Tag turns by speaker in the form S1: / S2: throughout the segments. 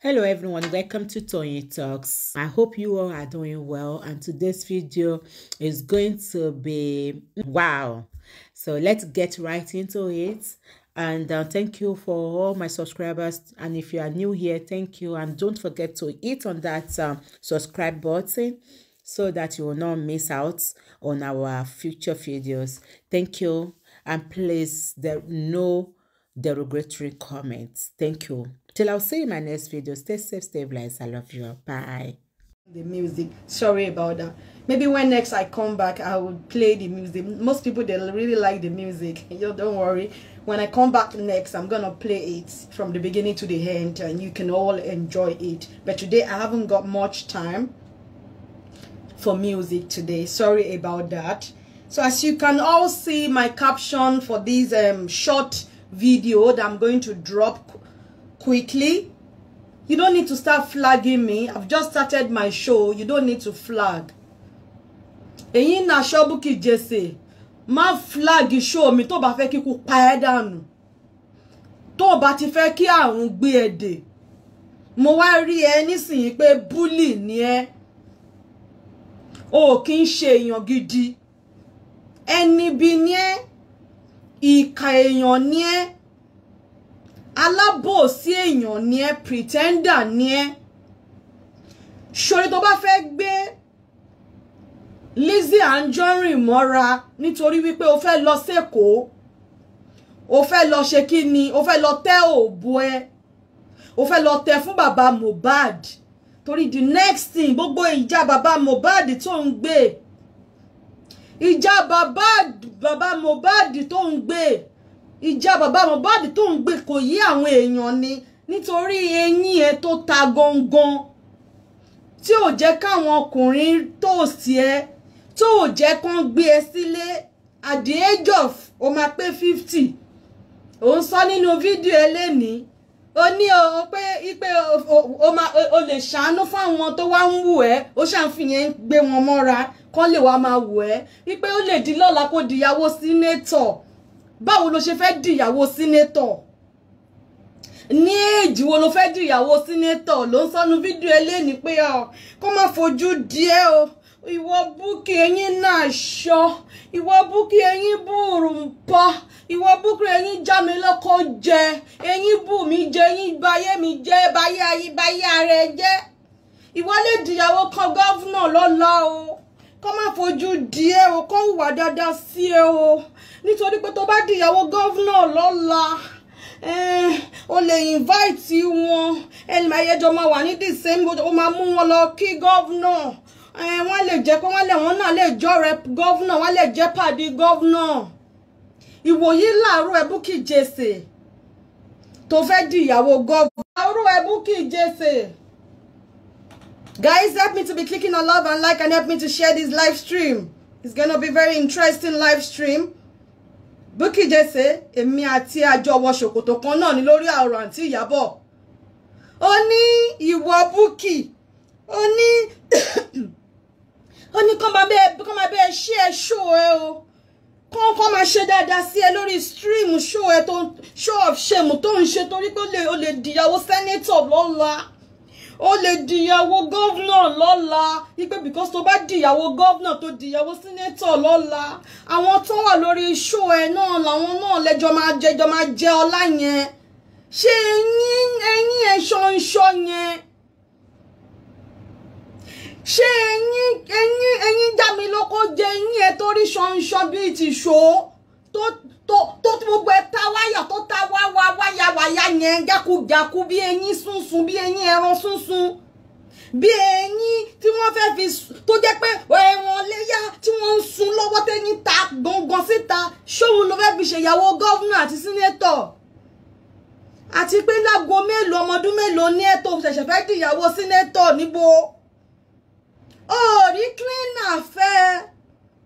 S1: hello everyone welcome to Tony Talks i hope you all are doing well and today's video is going to be wow so let's get right into it and uh, thank you for all my subscribers and if you are new here thank you and don't forget to hit on that um, subscribe button so that you will not miss out on our future videos thank you and please there no derogatory comments thank you Till I'll see you in my next video. Stay safe, stay blessed. I love you. Bye. The music. Sorry about that. Maybe when next I come back, I will play the music. Most people, they really like the music. Yo, don't worry. When I come back next, I'm going to play it from the beginning to the end and you can all enjoy it. But today, I haven't got much time for music today. Sorry about that. So as you can all see, my caption for this um, short video that I'm going to drop quickly. You don't need to start flagging me. I've just started my show. You don't need to flag. Ẹ̀yin náà Shobuki Jesse. Má flag show mi tó bá fẹ́ kí kú pa ẹ́ dànù. Tó bá ti fẹ́ kí àrùn gbé ẹ Mo wá rí ẹ nísìnyí pé bully ni ẹ́. O kì í ṣe èèyàn gidi. Ẹni bí ni ẹ́. Ìkà èèyàn ni ẹ́ alábòsí èèyàn ni ẹ pretender ni ẹ ṣorí tó bá fẹ́ gbé Lizzy Anjorin mọ́ra nítorí wípé o fẹ́ lọ sẹ́kọ̀ọ́ o fẹ́ lọ ṣe kí ni o fẹ́ lọ tẹ́ òbò ẹ o fẹ́ lọ tẹ fún bàbá Mohbad torí the next thing gbogbo ìjà bàbá Mohbad tó ń gbé ìjà bàbá bàbá Mohbad tó ń gbé ìjà bàbá Mohbad tó ń gbé kò yí àwọn èèyàn ni nítorí eyín ẹ tó ta gangan tí ò jẹ́ káwọn ọkùnrin tóòsì ẹ tó ò jẹ́ kán gbé ẹ sílé at the age of o máa pé fifty òun sọ nínú fídíò elénìí ó ní o pé pé o lè ṣàánú fáwọn tó wá ń wù ẹ́ ó ṣàǹfìyẹn gbé wọn mọ́ra kán lè wá máa wù ẹ́ wípé ó lè di lọ́la kó dìyàwó sínétọ̀ báwo ló ṣe fẹ́ dìyàwó sínétọ̀ ní èjì wo ló fẹ́ dìyàwó sínétọ̀ ló ń sọnu fídíò eléyìí pé ọ kó má fojú díẹ̀ o ìwọ búkì ẹyin náà ṣọ ìwọ búkì ẹyin búrú ń pọ ìwọ búkì ẹyin já mi lọ́kọ jẹ ẹyin bù mí jẹ ẹyin bayé mi jẹ bayé ayé bayé ara ẹ jẹ ìwọ dìyàwó kan gọ́vnà lọ́la o kó má fojú di ẹ o kó hùwà dáadáa sí ẹ o nítorí pé tó bá dìyàwó gọ́vnà lọ́la eh, o lè invite wọn ẹni máa yẹjọ máa wà ní the same o máa mú wọn lọ kí gọ́vnà eh, wọ́n lè jẹ́ pé wọ́n lè wọ́n náà lè jọ rẹ gọ́vnà wọ́n lè jẹ́ pàdé gọ́vnà ìwòyí làárọ̀ ẹ Bukky Jesse tó fẹ́ dìyàwó gọ́vnà làárọ̀ ẹ Bukky Jesse. Guys, help me to be clicking on love and like and help me to share this live stream. It's gonna be very interesting live stream. Bukky jese emi ati ajo wọ ṣòkòtò kan náà ni lori ọ̀rọ̀ àǹtí Ìyábọ̀. Ó ní ìwọ Bukky, ó ní ó ní kán máa bẹ́ẹ̀ kán máa bẹ́ẹ̀ ṣí ẹ ṣó ẹ o. Kán kán máa ṣe dáadáa sí ẹ lórí stream show ẹ tó show of shame tó ń ṣe torí pé ó lè ó lè dìyàwó sẹ́nétọ̀ lọ́la ó lè dìyàwó gọ́vnà lọ́la ipe because tó bá dìyàwó gọ́vnà tó dìyàwó sínétọ̀ lọ́la àwọn tó wà lórí iṣó ẹ náà làwọn náà lẹjọ máa jẹjọ máa jẹ ọlá yẹn ṣé eyín eyín ẹ ṣọṣọ yẹn ṣé eyín eyín eyín já mi lóko jẹ eyín ẹ torí ṣọṣọ bíi tìṣó tó tó tó gbogbo ẹ ta wáyà tó ta wá wá wáyà wáyà yẹn jákujàku bí eyín sunsun bí eyín ẹran sunsun bí eyín tí wọ́n fẹ́ fi tó jẹ́ pé ẹ̀wọ̀n léyà tí wọ́n ń sun lọ́wọ́ tẹ́yìn ta gbọ̀ngàn síta ṣóun ló fẹ́ fi ṣèyàwó gọ́vnà àti sínétọ̀ àti pé lágo mélòó ọmọdún mélòó ní ètò ṣẹ̀ṣẹ̀ fẹ́ dìyàwó sínétọ̀ níbo òòrí cleaner fẹ́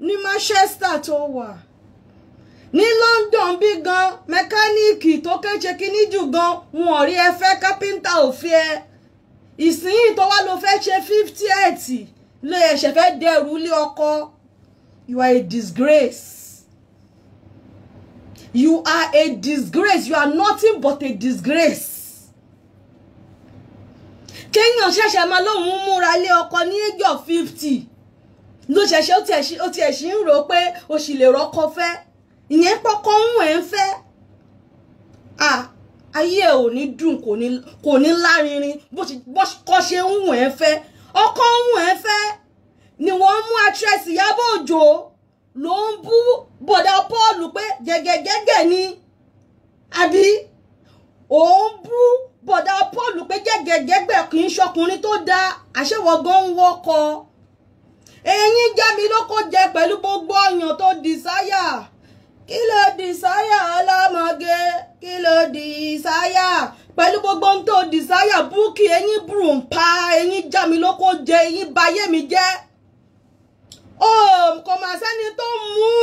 S1: ní Manchester tó wà ní London bí gan mẹkáníìkì tó kéṣe kínní jù gan wọn ò rí ẹ fẹ́ kápẹ́ńtà ò fi ẹ ìsinyìí tó wá ló fẹ́ ṣe fifty eight ló ẹ̀ṣẹ̀ fẹ́ dẹrù ilé ọkọ you are a disgrace you are a disgrace you are nothing but a disgrace kéèyàn ṣẹ̀ṣẹ̀ máa lóun múra lé ọkọ ní ẹjọ́ fifty ló ṣẹ̀ṣẹ̀ ó tiẹ̀ ṣì ń rò ó pé o sì lè rọ́kọ fẹ́ ìyẹn pọkọ ń ẹ̀ ń fẹ́ ayé ẹ̀ ò ní dùn kò ní lárinrin bó kọ́ ṣe ń wù ẹ́ fẹ́ ọkọ ń wù ẹ́ fẹ́ ni wọ́n mú actress Ìyábọ̀ Òjó ló ń bú bọ̀dà Pọ́ọ̀lù pé gẹ́gẹ́gẹ́gẹ́ ni àbí òun bú bọ̀dà Pọ́ọ̀lù pé gẹ́gẹ́gẹ́gbẹ́ kì í ṣọkùnrin tó dáa àṣewọ̀ gan ń wọ́kọ̀ ẹ̀yin jẹ́ mi lóko jẹ pẹ̀lú gbogbo ọyàn tó dìsáyà kí ló di sáyà ọlọ́mọge kí ló di sáyà pẹ̀lú gbogbo ohun tó di sáyà búkì eyín burú pa eyín já mi lóko jẹ eyín bayé mi jẹ́ o kò mà sẹ́ni tó ń mú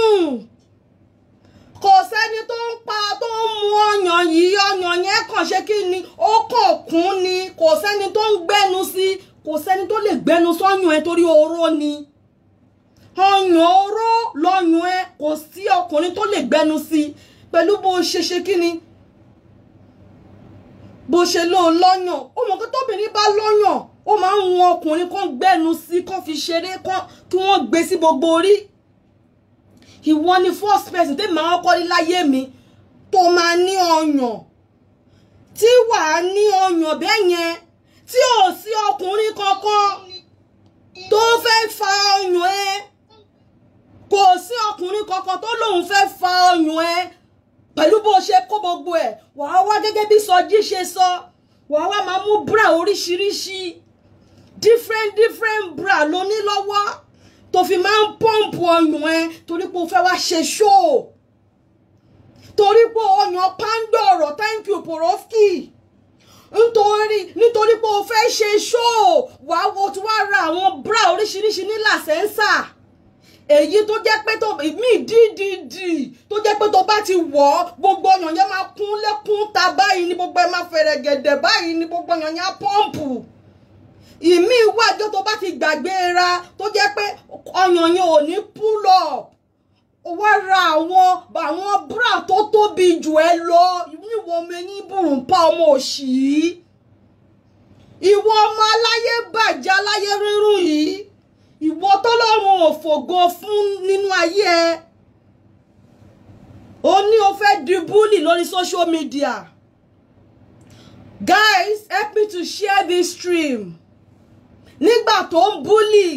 S1: kò sẹ́ni tó ń pa tó ń mu ọyàn yìí ọyàn yẹn kàn ṣe kí ni ó kàn kún ni kò sẹ́ni tó ń gbẹ́nu sí kò sẹ́ni tó lè gbẹ́nu sọ́yàn ẹ torí oró ni ọyàn oró lọ́yàn ẹ kò sí ọkùnrin tó lè gbẹnu sí pẹ̀lú bó ṣe ṣe kí ni bó ṣe ló ń lọ́yàn ó mọ̀ pé tóbìnrin bá lọ́yàn ó máa ń wọn ọkùnrin kan gbẹnu sí kan fi ṣeré kan kí wọ́n gbé sí gbogbo orí ìwọ ni first person tẹ́ màá kọ́ ní láyé mi tó máa ní ọyàn tí wàá ní ọyàn bẹ́ẹ̀ yẹn tí ò sí ọkùnrin kankan tó fẹ́ fa ọyàn ẹ kò sí ọkùnrin kankan tó lóun fẹ́ fa ọyàn ẹ pẹ̀lú bó ṣe kó gbogbo ẹ̀ wàá wá gẹ́gẹ́ bí sọjí ṣe sọ wàá wá máa mú bra oríṣiríṣi different different bra ló ní lọ́wọ́ tó fi máa ń pọ́ǹpù ọyàn ẹ torí pé o fẹ́ wá ṣe ṣóò torí pé ọyàn pandoro thank you porofki nítorí nítorí pé o fẹ́ ṣe ṣóò wàá wo tí wàá ra àwọn bra oríṣiríṣi ní làṣẹ́ńsà èyí tó jẹ́ pé tó mí dídìdì tó jẹ́ pé tó bá ti wọ̀ ọ́ gbogbo ọyàn yẹn máa kún lẹ́kún ta báyìí ni gbogbo ẹ̀ máa fẹ̀rẹ̀ gẹ̀dẹ̀ báyìí ni gbogbo ọyàn yẹn á pọ́ǹpù ìmí ìwájọ́ tó bá ti gbàgbé ra tó jẹ́ pé ọyàn yẹn ò ní pull up wá ra àwọn àwọn bra tó tóbi jù ẹ lọ níwọ̀ omi ní burúkú ọmọ òṣì yìí ìwọ ọmọ aláyé bàjẹ́ aláyé rírùn yìí ìwọ tọ́lọ́run ò fògo fún nínú ayé ẹ o ní o fẹ́ di búlì lórí social media guys help me to share this stream nígbà tó ń búlì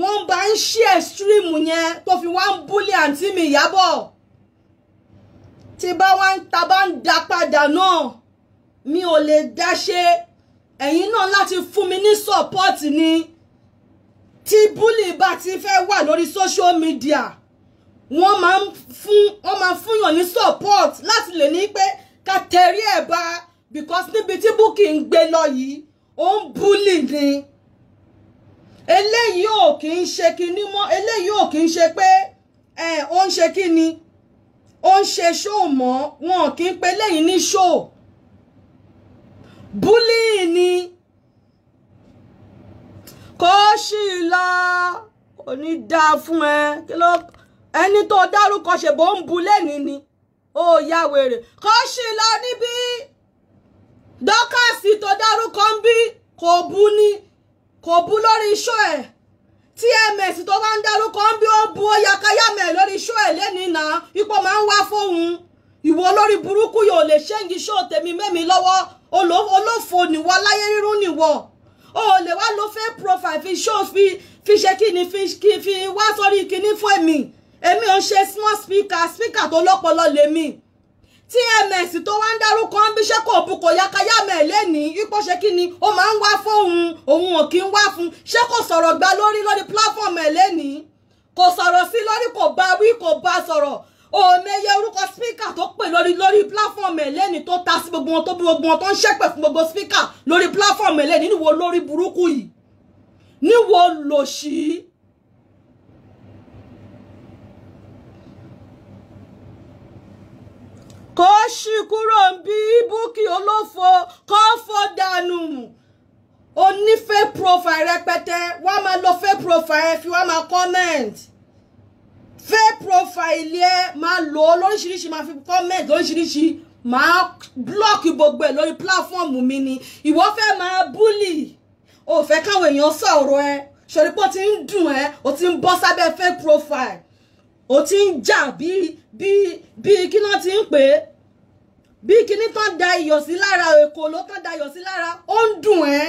S1: wọ́n bá ń share stream yẹn tó fi wá ń búlì àǹtí mi Ìyábọ̀ tí bá wá ń ta bá ń da padà náà mi ò lè dá ṣe ẹ̀yin náà láti fún mi ní support ni tí búlì bá ti fẹ́ wà lórí social media wọ́n máa ń fún wọ́n máa ń fúnyàn ní support láti lè ní pé ká tẹ̀rí ẹ̀ bá because níbi tí búkì ń gbé lọ yìí ó ń búlì ni eléyìí ò kì í ṣe kinní mọ́ eléyìí ò kì í ṣe pé ẹ̀ ó ń ṣe kinní ó ń ṣe ṣóò mọ́ wọn kì í pe eléyìí ní ṣóò búlì ni. kó sì lọ kò fún ẹ kí ló ẹni tó dárúkọ bu lẹ́nìí ni ó yá wèrè kó sì lọ níbí dọ́kàsì tó dárúkọ ń bí kò bu ni kò bu lórí iṣọ́ ẹ̀ tms tó bá ń dárúkọ ń bí ó bu ó yakayamẹ̀ lórí iṣọ́ ẹ̀ lẹ́nìí náà ipò máa ń wá fóun ìwọ olórí burúkú yóò lè tèmi mẹ́mi lọ́wọ́ olófo nìwọ o lè wá lo fake profile fi show fi fi ṣe kí ni fi kí fi wá sórí kíní fún èmi èmi ò ṣe small speaker speaker tó lọ́pọlọ lèmi tms tó wá ń dárúkọ ń bíṣẹ́ kò bu kò yakaya mẹ́lẹ́ ní ipò ṣe kí ni ó máa ń wá fóun òun ò kí ń wá fún ṣé kò sọ̀rọ̀ gba lórí lórí platform mẹ́lẹ́ ní kò sọ̀rọ̀ sí lórí kò bá wí kò bá sọ̀rọ̀ òmẹyẹ orúkọ spíkà tó pè lórí lórí pílàfọ́ọ̀mù ẹlẹ́ni tó ta sí gbogbo wọn tó gbogbo wọn tó ń ṣẹ́pẹ̀ fún gbogbo spíkà lórí pílàfọ́ọ̀mù ẹlẹ́ni níwò lórí burúkú yìí níwò lòṣì. kó ṣí kúrò ń bí búkì olófo kó fọ́ dànù onífẹ́ profile rẹpẹtẹ wọ́n á máa lọ fẹ́ profile fi wọ́n á máa comment fake profile ẹ máa lò ó lóríṣiríṣi máa fi comment lóríṣiríṣi máa block gbogbo ẹ lórí platform mi ni ìwọ fẹ́ máa bully o fẹ́ káwọn èèyàn sọ̀rọ̀ ẹ ṣòrí pé o ti ń dùn ẹ o ti ń bọ́ sábẹ́ fake profile o ti ń jà bí bí bí kí náà ti ń pè é bí kíní tán da iyọ̀ sí lára èkó ló tán da iyọ̀ sí lára ó ń dùn ẹ́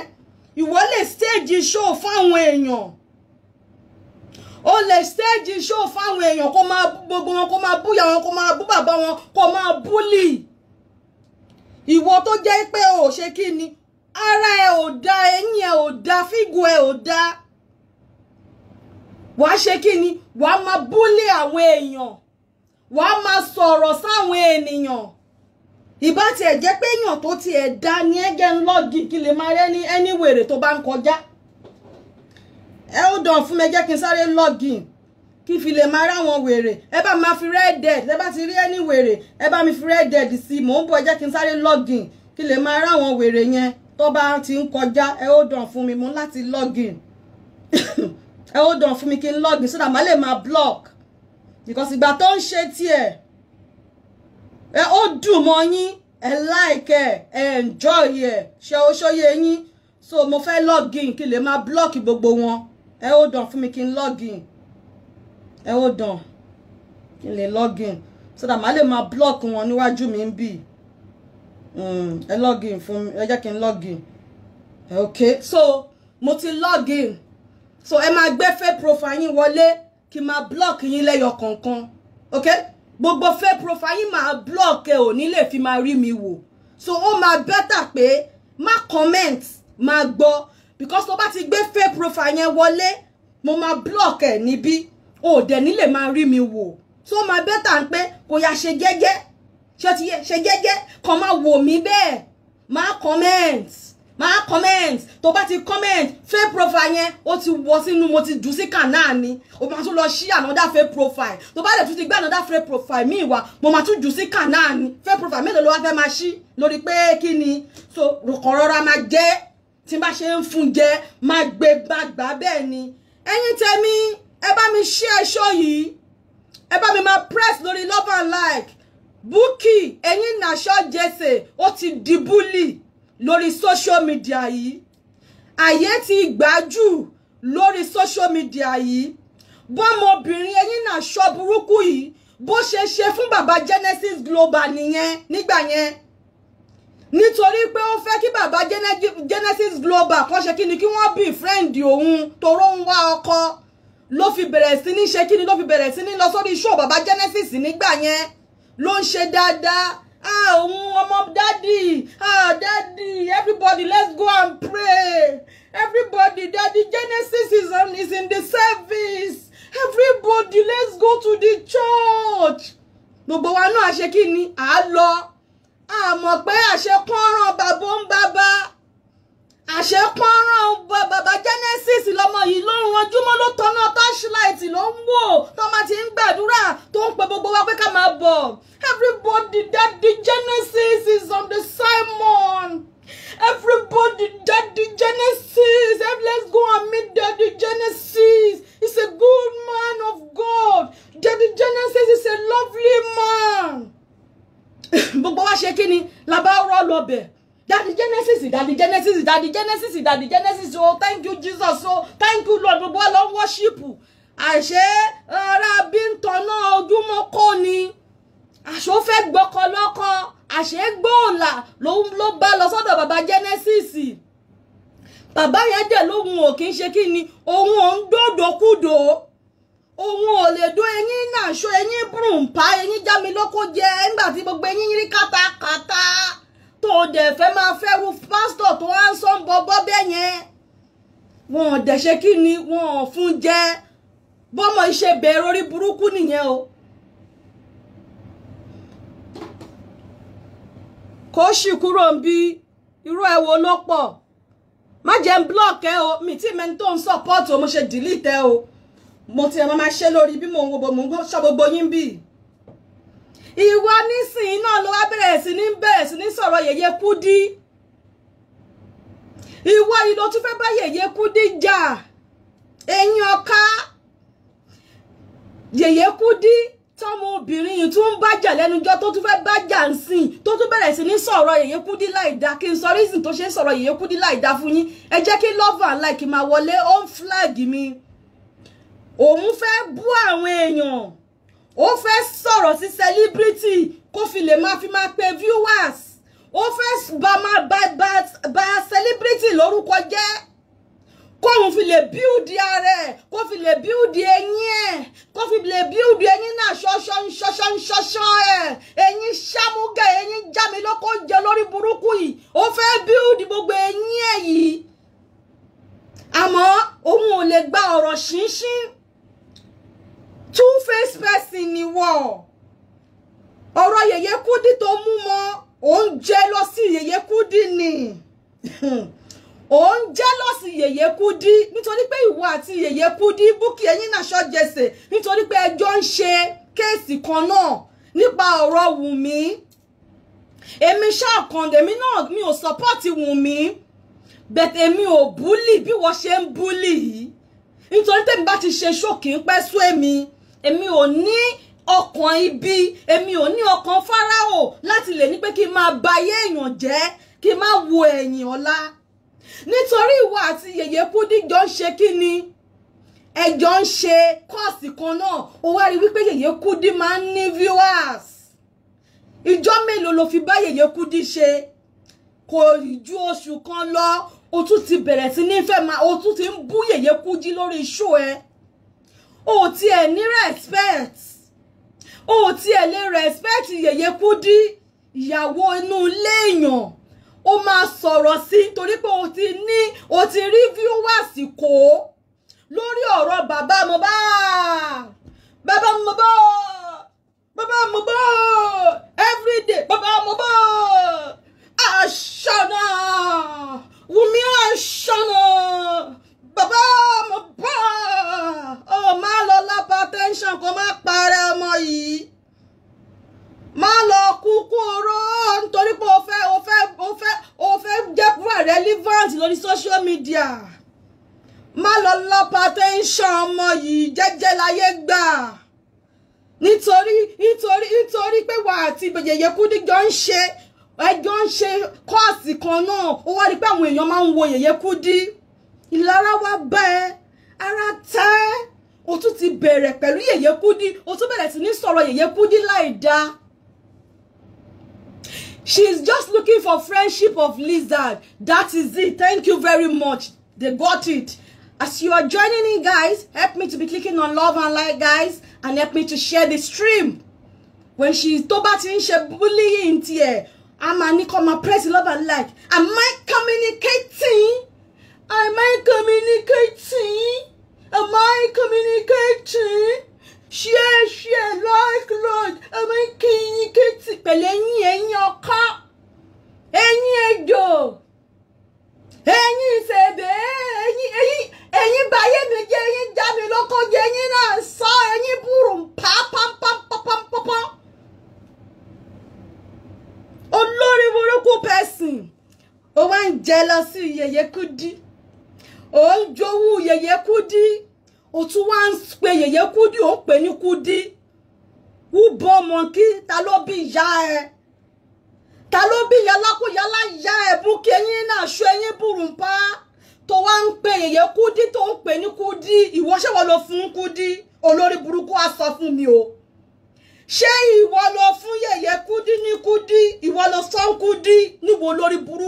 S1: ìwọ lè stage show fáwọn èèyàn o lè stage show fáwọn èèyàn kó máa gbogbo wọn kó máa búyà wọn kó máa bú bàbá wọn kó máa búlì ìwọ tó jẹ́ pé o ṣe kí ni ara ẹ ò da eyín ẹ ò da fígù ẹ ò da wàá ṣe kí ni wàá máa búlì àwọn èèyàn wàá máa sọ̀rọ̀ sáwọn ènìyàn ìbá tiẹ̀ jẹ́ pé èèyàn tó tiẹ̀ dá ní ẹgẹ́ ńlọ́gì kí lè máa rẹ́ ní ẹni wèrè tó bá ń kọjá ẹ ó dàn fún mi jẹ́ kí n sáré login kí n fi lè máa ráwọn wèrè ẹ bá máa fi red ẹ bá ti rí ẹni wèrè ẹ bá mi fi red sí i mò ń bọ̀ ẹ jẹ́ kí n sáré login kí n lè máa ráwọn wèrè yẹn tó bá ti ń kọjá ẹ ó dàn fún mi mú láti login ẹ ó dàn fún mi kí n login sódà má lè máa block because ìgbà tó ń ṣe tiẹ̀ ẹ ó dùn mọ́ yín ẹ like ẹ ẹ enjoy ẹ ṣe oṣooyè yín so mo fẹ́ login kí n lè máa block gbogbo wọn ẹ ó dàn fún mi kí n login ẹ ó dàn kí n lè login so that màá lè máa block wọn níwájú mi ń bì mm, ẹ login fún mi ẹ jẹ́ kí n login ok so mo ti login so ẹ máa gbé fake profile yín wọlé kí n máa block yín lẹ́yọ kọ̀ọ̀kan ok gbogbo fake profile yín máa block ẹ ò ní lè fi máa rí mi wò so ó máa bẹ́tà pé má comment máa gbọ́ because tó bá ti gbé fake profile yẹn wọlé mo máa block ni bi. o ò ni le máa rí mi wo. So ma bẹ́tà ń pe ko yá ṣe jẹ́jẹ́ ṣe ti yẹ ṣe jẹ́jẹ́ kàn máa wò mí bẹ́ẹ̀ comment ma comment tó bá ti comment fake profile yẹn ó ti wọ sínú mo ti jù sí kànáà ni o ma tún lọ ṣí another fake profile tó bá lè tún ti gbé another fake profile mi wá mo máa tún jù sí kànáà ni fake profile mélòó ló wá fẹ́ máa ṣí lórí pé kí ni so kàn rọra ma jẹ́ tí bá ṣe ń fún jẹ máa gbé gbàgbà bẹ́ẹ̀ ni ẹ̀yin tèmi ẹ bá mi share show yìí ẹ bá mi máa press lórí love and like Bukky ẹ̀yin nàṣọ jẹsẹ̀ ó ti di búlì lórí social media yìí àyè ti gbájú lórí social media yìí bọ́mọbìnrin ẹ̀yin nàṣọ burúkú yìí bó ṣe ṣe fún baba Genesis Global nìyẹn nígbà yẹn nítorí pé ó fẹ́ kí bàbá Genesis Global kan ṣe kíni kí wọ́n bí fírẹ́ǹdì òun toró ń wá ọkọ ló fi bẹ̀rẹ̀ sí ní ṣe kíni ló fi bẹ̀rẹ̀ sí ní lọ sórí ṣó bàbá Genesis nígbà yẹn ló ń ṣe dáadáa àwọn ọmọ dádì dádì everybody let's go and pray everybody dádì Genesis is, on, is in the service everybody let's go to the church gbogbo wa náà ṣe kíni à lọ àmọ̀ pé àṣekúnrán bàbá ń bàbá àṣekúnrán bàbá Genesis lọmọ yìí ló ń ranjúmọ́ ló tọ́nà torchlight ló ń wò tó máa ti ń gbàdúrà tó ń pe gbogbo wa pé ká máa bọ̀ everybody daddy Genesis is on the Simon everybody daddy Genesis let's go and meet daddy Genesis he's a good man of God daddy Genesis is a lovely man. gbogbo wa ṣe kíni la bá rọ́ lọ bẹ̀ dadi genesis dadi genesis dadi genesis dadi genesis o oh, thank you jesus o oh, thank you lord gbogbo wa lọ ń wọ́ṣípù àṣé ara bí ń tọ́nà ojúmọ́ kò ní àṣó fẹ́ gbọ́kọ lọ́kọ àṣé gbóòlà ló bá lọ sọ́dọ̀ baba genesis bàbá yẹn dẹ̀ lóhun ò kí ń ṣe kí ni òun ò ń dòdòkúdò òun ò lè dún eyín nàṣọ eyín brùnpá eyín jámi lóko jẹ nígbà tí gbogbo eyín rí kátakátá tó o dẹ̀ fẹ́ máa fẹ́rù pásítọ̀ tó wá ń sọ ń bọ́bọ́ bẹ́ẹ̀ yẹn wọn ò dẹ̀ ṣe kí ni wọn ò fún jẹ bọ́mọ iṣẹ́ bẹ̀rẹ̀ orí burúkú nìyẹn o. kó sì kúrò ń bí irú ẹ wo ló pọ̀ má jẹ́ ń o mi tí mẹ́ni tó ń sọ̀pọ́ọ̀tì o mo ṣe dìlítẹ́ o mo ti ẹ̀ máa ṣe lórí bí mo ń wo mo ń sọ gbogbo yín bí ìwọ nísìnyí náà ló wá bẹ̀rẹ̀ sí ní bẹ̀rẹ̀ sí ní sọ̀rọ̀ yèyé kúdí ìwọ yìí ló tún fẹ́ bá yèyé kúdí jà ẹ̀yin ọ̀ka yèyé kúdí tọ́mọ obìnrin yìí tún ń bájà lẹ́nujọ́ tó tún fẹ́ bájà ń sìn tó tún bẹ̀rẹ̀ sí ní sọ̀rọ̀ yèyé kúdí láìda kí n sọ reason tó ṣe ń sọ̀rọ̀ yèyé kúdí láìda fún yín ẹ jẹ́ love and like ma wọlé ó flag mi òun fẹ́ bú àwọn èèyàn ó fẹ́ sọ̀rọ̀ sí celebrity kó fi lè máa fi máa pe viewers ó fẹ́ ba máa ba ba ba celebrity lórúkọ jẹ́ kóun fi lè bíúdi ara ẹ̀ kó fi lè bíúdi eyín ẹ̀ kó fi lè bíúdi eyín náà ṣọṣọ ṣọṣọ ṣọṣọ ẹ̀ eyín ṣámúgẹ̀ eyín jámilókò jẹ lórí burúkú yìí ó fẹ́ bíúdi gbogbo eyín ẹ̀ yìí àmọ́ òun ò lè gba ọ̀rọ̀ ṣínṣín two face person ni wọ́n ọ̀rọ̀ yèyé kúdí tó mú mọ́ òun jẹ́ lọ sí yèyé kúdí ni òun jẹ́lọ́sì yèyé kúdí nítorí pé ìwọ àti yèyé kúdí búkì ẹ̀yìn náà ṣọ́jẹsẹ̀ nítorí pé ẹjọ́ ń ṣe kéèsì kan náà nípa ọ̀rọ̀ wùmí èmi ṣàkàndé èmi náà mi ò sọ́pọ́ọ̀tì wùmí bẹ̀tẹ̀ èmi ò búlì bí wọ́n ṣe ń búlì yìí nítorí tèmi bá ti ṣe ṣókí ń pẹ́ sún èmi èmi ò ní ọkàn ibi èmi ò ní ọkàn fáráò láti lè ní pé kí n máa ba ayé èèyàn jẹ́ kí n máa wo ẹ̀yìn ọ̀la nítorí ìwà àti yèyé Kúdí ń ṣe kí ni ẹjọ́ ń ṣe kọ́ọ̀sì kan náà ó wá rí wípé yèyé Kúdí máa ń ní viewers ìjọ mélòó ló fi bá yèyé Kúdí ṣe kò ju oṣù kan lọ o tún ti bẹ̀rẹ̀ sí ní máa o tún ti ń bú yèyé Kúdí lórí iṣu ẹ. E o ti ẹ̀ ní respect o ti ẹ̀ lè respect Yèyé Kúdí ìyàwó inú ilé èèyàn o máa sọ̀rọ̀ sí torí pé o ti ní o ti rí viewers kó lórí ọ̀rọ̀ bàbá Mohbad bàbá Mohbad bàbá Mohbad everyday bàbá Mohbad àṣànà Wùmí àṣànà bàbá ọmọ bá ọ má lọ lápá tẹ́ńṣàn kó má parẹ́ ọmọ yìí má lọ kúkú oró nítorí pé o fẹ́ o fẹ́ o fẹ́ o fẹ́ jẹ́ púpọ̀ relevant lórí social media má lọ lápá tẹ́ńṣàn ọmọ yìí jẹ́jẹ́ láyé gbà nítorí nítorí nítorí pé wà àti yèyé kúdí jọ ń ṣe ẹjọ́ ń ṣe kọ́ọ̀sì kan náà ó wá rí pé àwọn èèyàn máa ń wo yèyé kúdí ìlara wa bá ẹ ara ta ẹ o tún ti bẹ̀rẹ̀ pẹ̀lú yèyé kúdí o tún bẹ̀rẹ̀ sí ní sọ̀rọ̀ yèyé kúdí láì dáa she is just looking for friendship of lizard that is it thank you very much they got it as you are joining in guys help me to be clicking on love and like guys and help me to share the stream when she tó bá ti ń ṣe bullying tiẹ̀ a máa ní press love and like am I communicating.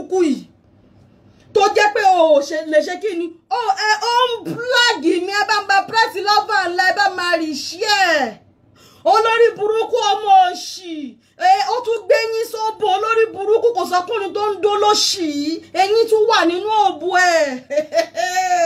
S1: burúkú yìí tó jẹ́ pé o ò ṣe lè ṣe kí ni o ẹ o ń búláàgì mi ẹ bá ń ba pírẹ́sì lọ́fà ńlá ẹ bá máa rì sí ẹ̀ olórí burúkú ọmọ òṣì ó tún gbẹ́yìn sóbò olórí burúkú kò sọkùnrin tó ń dó lóṣì yìí eyín tún wà nínú òbú ẹ̀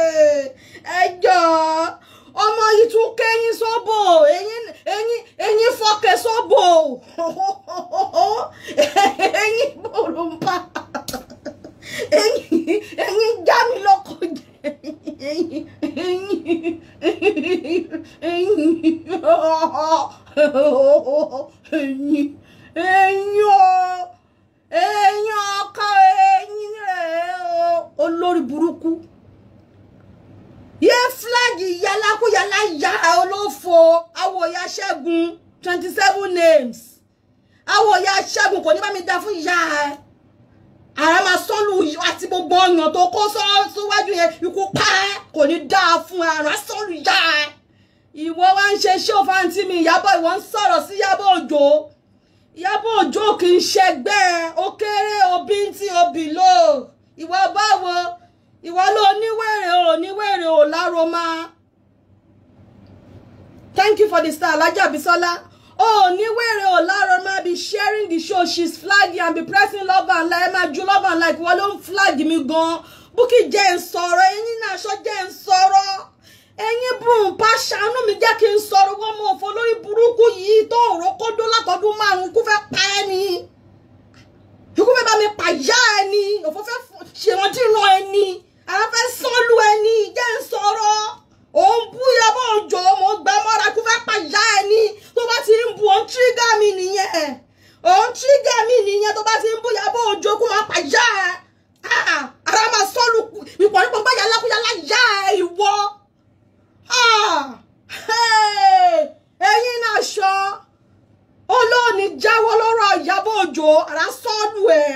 S1: bá ṣàánú mi jẹ́ kí n sọ̀rọ̀ wọ́n mọ̀ fún lórí burúkú yìí tó òró kódó látọdún márùn-ún kú fẹ́ pa ẹ́ ni ikú fẹ́ bá mi pàyà ẹ ni òfò fẹ́ ṣèrántìrán ẹ ni ara fẹ́ sọ́lù ẹ ni jẹ́ ń sọ̀rọ̀ òun bú yabọ̀ òjò mò ń gbẹ mọ́ra kú fẹ́ pàyà ẹ ni tó bá ti ń bu òun tírígà mi nìyẹn òun tírígà mi nìyẹn tó bá ti ń bú yabọ̀ òjò kú máa pàyà ẹ ah, ah, ara máa sọ́lù ìpọ̀ nípa gbáyà lákúyà láyà ẹ ìwọ. Ah! ẹ̀yin náà ṣọ olóòní jáwọ́ lọ́rọ̀ Ìyábọ̀ Òjó ara sọ́ọ̀lù ẹ̀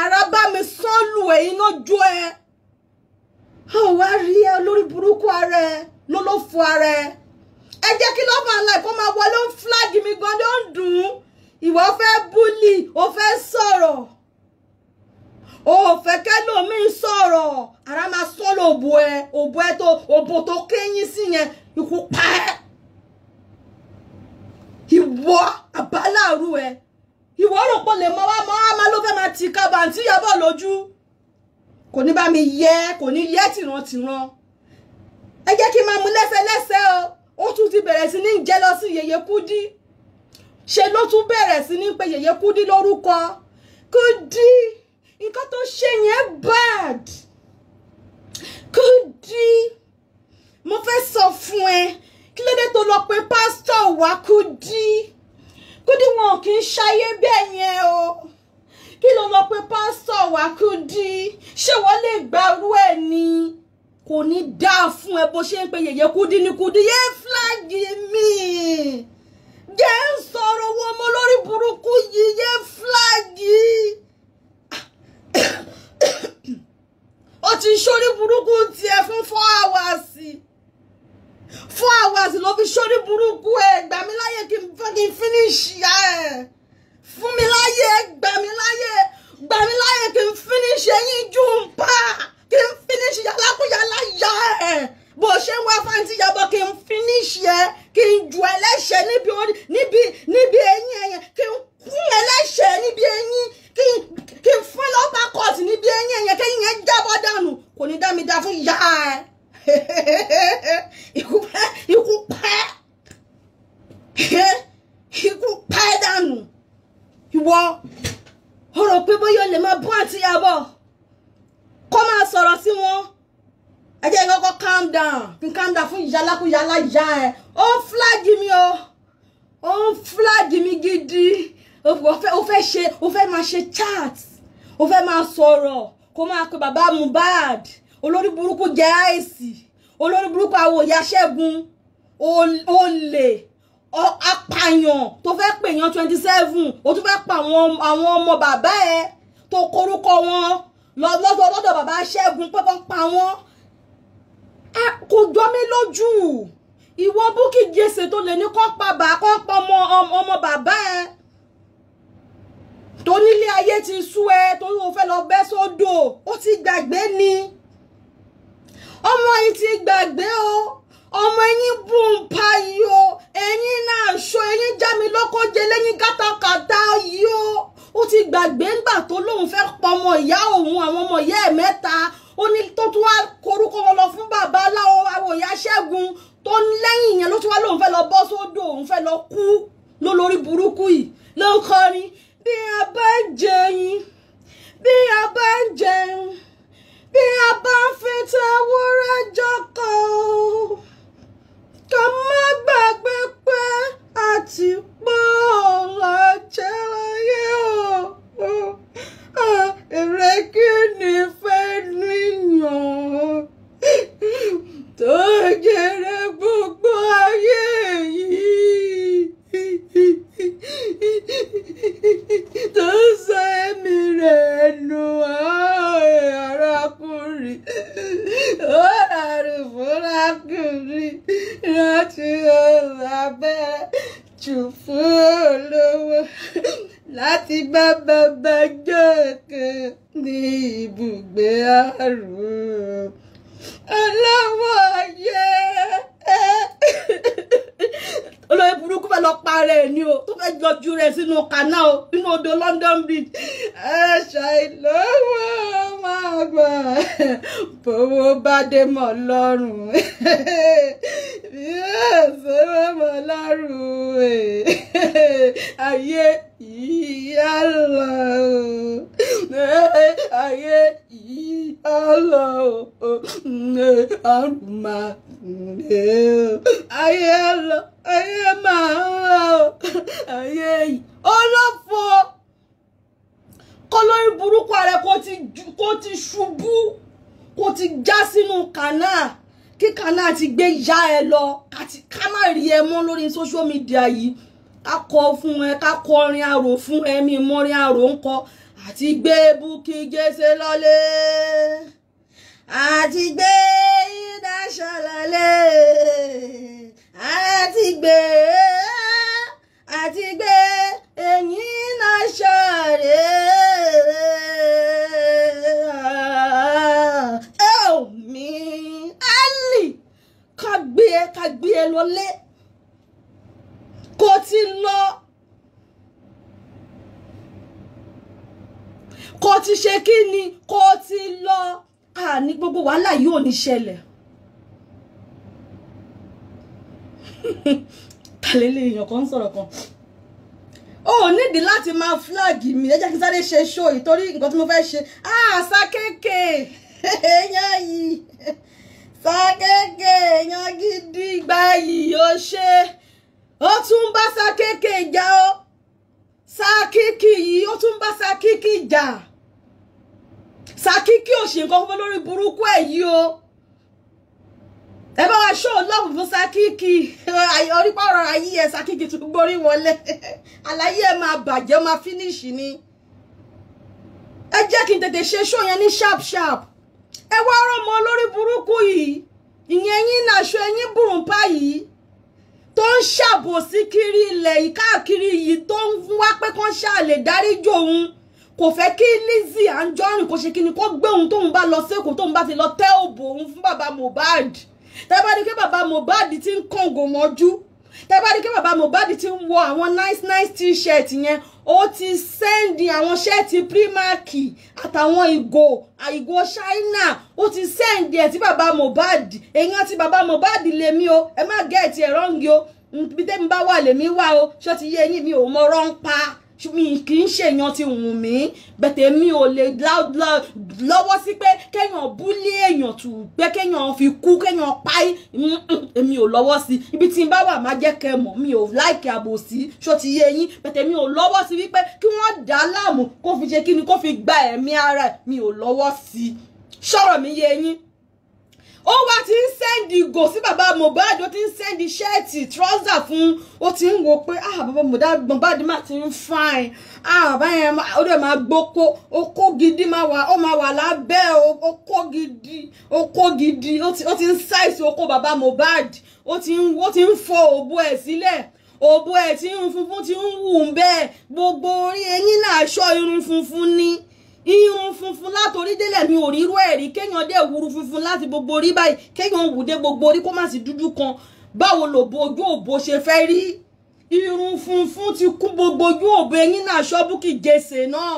S1: ara bá mi sọ́ọ̀lù ẹ̀ iná jó ẹ ò wá rí ẹ olórí burúkú ara ẹ lólófo ara ẹ ẹ jẹ́ kí lọ́ọ̀bù aláì kó máa wọlé ó ń flag mi gan ló ń dùn ún ìwọ fẹ́ búlì ó fẹ́ sọ̀rọ̀ o fẹ́ kẹ́lòmíì sọ̀rọ̀ ara máa sọ́lọ̀ òbò ẹ òbò ẹ tó òbò tó kéyìn sí yẹn ikú pa ẹ́ ìwọ àbáláàrú ẹ ìwọ rò pé lè mọ wá mọ á máa ló fẹ́ máa ti kábà tí yàbọ̀ lójú kò ní bá mi yẹ kò ní yẹ tìrantìran ẹ jẹ́ kí n máa mú lẹ́sẹ̀lẹ́sẹ̀ o ó tún ti bẹ̀rẹ̀ sí ní jẹ́ lọ sí yèyé kúdí ṣe ló tún bẹ̀rẹ̀ sí ní pé yèyé kúdí lórúkọ kúdí nǹkan tó ṣe yẹn bad Kudi mo fẹ́ sọ fún ẹ kí ló dé tó lọ pé pásítọ̀ wá Kudi Kudi wọn kì í ṣayé bẹ́ẹ̀ yẹn o kí ló lọ pé pásítọ̀ wá Kudi ṣé wọ́n lè gbárù ẹ̀ ni kò ní dáa fún ẹ bó ṣe ń pe yèyé Kudi ní Kudi yé fúláàgì mi jẹ́ ń sọ̀rọ̀ owó ọmọ lórí burúkú yìí yé fúláàgì. ó ti buruku burúkú tiẹ̀ fún four hours four hours ló fi ṣórí burúkú ẹ̀ gbà mí láyè kí n fẹ́ kí finish ya ẹ̀ fún mi láyè gbà mí láyè gbà mí láyè kí n finish ẹyin jùm pa kí n finish yàlákúyàlá ya ẹ̀ bó ṣe ń wá fáńtì yàbọ̀ kí n finish ẹ kí n ju ẹlẹ́ṣẹ̀ níbi níbi níbi ẹyin ẹ̀yẹn kí n kún ẹlẹ́ṣẹ̀ níbi ẹyin kí n fún lọ́pàá kọ́ọ̀tù níbi ẹyìn ẹ̀yẹ kẹ́yìn yẹn jábọ́ dànù kò ní dá mi dá fún yá ẹ ikú pẹ́ ikú pẹ́ ikú pẹ́ dànù ìwọ o rò pé bóyá o lè máa bọ́ àti yàbọ̀ kó máa sọ̀rọ̀ sí wọn ẹ jẹ́ kọ́kọ́ calm down kí n calm down fún ìyálákúyálá ìyá ẹ ó ń fúláàgì mi o ó ń fúláàgì mi gidi o fẹ́ ṣe o fẹ́ máa ṣe chat o fẹ́ máa sọ̀rọ̀ kó máa pe bàbá Mohbad olórí burúkú jẹ́ àìsí olórí burúkú àwòyá ṣẹ́gun olè apààyàn tó fẹ́ pè yan twenty seven o tún fẹ́ pa àwọn ọmọ bàbá ẹ tó korúkọ wọn lọ́dọ̀ lọ́dọ̀ bàbá ṣẹ́gun pẹ́pọ́ pa wọ́n kò jọ mí lójú ìwọ Bukky Jesse tó lè ní kọ́ pa bàbá kọ́ pa ọmọ bàbá ẹ torílé ayé ti sú ẹ torí o fẹ́ lọ bẹ́ sódò ó ti gbàgbé ni ọmọ yìí ti gbàgbé o ọmọ ẹyin bùn pa yìí o ẹyin náà ṣọ ẹyin já mi lóko jẹ lẹ́yìn kátàkátà yìí o ó ti gbàgbé ńgbà tó lóun fẹ́ pọmọ ìyá òun àwọn ọmọ ìyá ẹ̀ mẹ́ta ó ní tó tún wá korúkọ wọn lọ fún bàbá aláwọ àwọn ìyá ṣẹ́gun tó ń lẹ́yìn yẹn ló tún wá lóun fẹ́ lọ bọ́ sódò òun fẹ́ lọ kú lólórí burúkú yìí ló kọrin bí a bá ń jẹyin bí a bá ń jẹun bí a bá ń fi tewúrẹ́ jọkọ̀ o ká má gbàgbé pé a ti pọ́ ọ̀la jẹ́ láyé o èrè kí ni fẹ́ níyàn
S2: tó jèrè
S1: gbogbo ayé. tó ń sọ ẹ̀mí rẹ̀ nù arákùnrin ó rárá fúnrakùnrin rántí ọlábẹ́rẹ́ jù fún olówó láti bá bàbá jókè ní ibùgbé àrùn ọlọ́wọ́ yẹ olóyè burúkú fẹ́ lọ parẹ́ ẹ̀ ni o tó fẹ́ jọjú rẹ̀ sínú kaná o nínú odò London Bridge ẹ ṣàìlówó máa gbà bówó bá dé mọ́ lọ́rùn yóò sọ́wọ́ mọ́ lọ́rùn e. ayé ìyá lọ ayé ìyá lọ àrùn máa ayé lọ ayé máa ń lọ ayé yìí olófo kọlórí burúkú ààrẹ kó ti ṣubú kó ti já sínú kànáà kí kànáà ti gbé yá ẹ lọ àti ká má rí ẹ mọ́ lórí social media yìí ká kọ fún ẹ ká kọrin àrò fún ẹ mi mọrin àrò ń kọ àti gbé bukí gẹ́sẹ̀ lọ́lẹ́ àti gbé Yínká lọlé àti gbé àti gbé Yínká ṣọ̀rẹ́ ẹ̀mí Álì ká gbé ẹ ká gbé ẹ lọlé kò ti lọ kò ti ṣe kí ni kò ti lọ a ni gbogbo wàhálà yìí ò ní ṣẹlẹ̀ tàlélẹ̀ èèyàn kan ń sọ̀rọ̀ kan ó nídìí láti máa fúláàgì mi ẹ jẹ́ kí n sáré ṣe ṣó yìí torí nǹkan tí mo fẹ́ ṣe àṣà kéèké èèyàn yìí sá kéèké èèyàn gidi gba yìí ó ṣe ó tún bá sá kéèké ìjà ó sá kíkì yìí ó tún bá sá kíkì ìjà. Saki kí o ṣe nǹkan fún lórí burúkú ẹ̀ yìí o ẹ bá wa ṣó lọ́ọ̀bù fún Sakiki orípa ọ̀rọ̀ ayé ẹ Sakiki tún gborí wọlé àlàyé ẹ máa bàjẹ́ máa fínísì ni ẹ jẹ́ kí n tètè ṣe ṣó yẹn ní sharp sharp ẹ wá rọmọ olórí burúkú yìí ìyẹn yín nàṣọ ẹyín burúkú yìí tó ń ṣàbòsí kiri ilẹ̀ yìí káàkiri yìí tó ń wá pé kán ṣáà dáríjì òun kò fẹ́ kí Lizzy Anjorin kò ṣe kíni kó gbé òun tóun bá lọ sẹ́kọ̀ọ́ tóun bá ti lọ tẹ́ òbò òun fún bàbá Mohbad tẹ́bàdí kí bàbá Mohbad ti ń kàngò mọ́jú tẹ́bàdí kí bàbá Mohbad ti ń wọ àwọn nice nice t-shirt yẹn ó ti sẹ́ndì àwọn ṣẹ́ẹ̀tì Primark àtàwọn ìgò ìgò ṣáínà ó ti sẹ́ndì ẹ̀ tí bàbá Mohbad èèyàn tí bàbá Mohbad lèmi o ẹ má gẹ̀ẹ́tì ẹ̀ rọ́ǹgì o bí tẹ́mi bá wà lèmi wà o ṣó ti yé eyín mi ò mọ rọ́ǹpa mi kì í ṣèyàn ti wù mí bẹ̀tẹ̀ mi ò lè lọ́wọ́ sí pé kéèyàn búlé èèyàn tù pé kéèyàn fi kú kéèyàn páì èmi ò lọ́wọ́ sí ibi tí n bá wà má jẹ́ kẹ́ mọ̀ mi ò láìkẹ́ àbòsí ṣó ti yé yín bẹ̀tẹ̀ mi ò lọ́wọ́ sí wípé kí wọ́n dà á láàmú kó fi ṣe kí ni kó fi gba ẹ̀mí ara mi ò lọ́wọ́ sí ṣọ́rọ̀ mi yé yín ó wá ti ń sẹ́ndì ìgò sí bàbá Mohbad ó ti ń sẹ́ndì ṣẹ́ẹ̀tì trọ́sà fún ó ti ń wo pé ah bàbá Mohbad má ti ń fine ah bàbá yẹn ó dẹ̀ máa gbóko okó gidi máa wà ó máa wà lábẹ́ okó gidi okó gidi ó ti ń ṣàìsí oko bàbá Mohbad ó ti ń ó ti ń fọ òbó ẹ̀ sílẹ̀ òbó ẹ̀ tí ń funfun ti ń wù ń bẹ́ẹ̀ gbogbo orí eyín náà aṣọ irun funfun ni irun funfun látòrí délẹ̀ mi ò rí irú ẹ̀rí kéèyàn dé ìwúru funfun láti gbogbo orí báyìí kéèyàn wù dé gbogbo orí kó má sì dúdú kan báwo lòbo ojú òbo ṣe fẹ́ rí irun funfun ti kún gbogbo ojú òbo eyín náà ṣọ́bùkì jèsè náà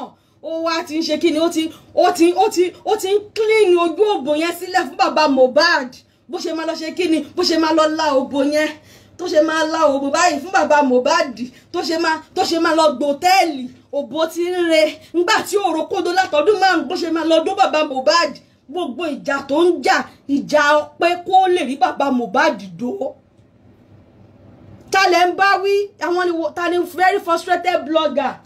S1: ó wá ti ń ṣe kí ni ó ti ó ti ó ti ó ti ń clean ojú òbo yẹn sílẹ̀ fún bàbá Mohbad bó ṣe máa lọ ṣe kí ni bó ṣe máa lọ la òbo yẹn tó ṣe máa la òbo báyìí fún bàbá Mohbad tó ṣe máa tó ṣe máa lọ gbòtẹ́ẹ̀lì òbó ti ń re ńgbà tí òrò kódo látọdún márùn bó ṣe máa lọdún bàbá Mohbad gbogbo ìjà tó ń jà ìjà pé kó lè rí bàbá Mohbad dó ta ń bá wí àwọn ni ta ni very frustrated blogger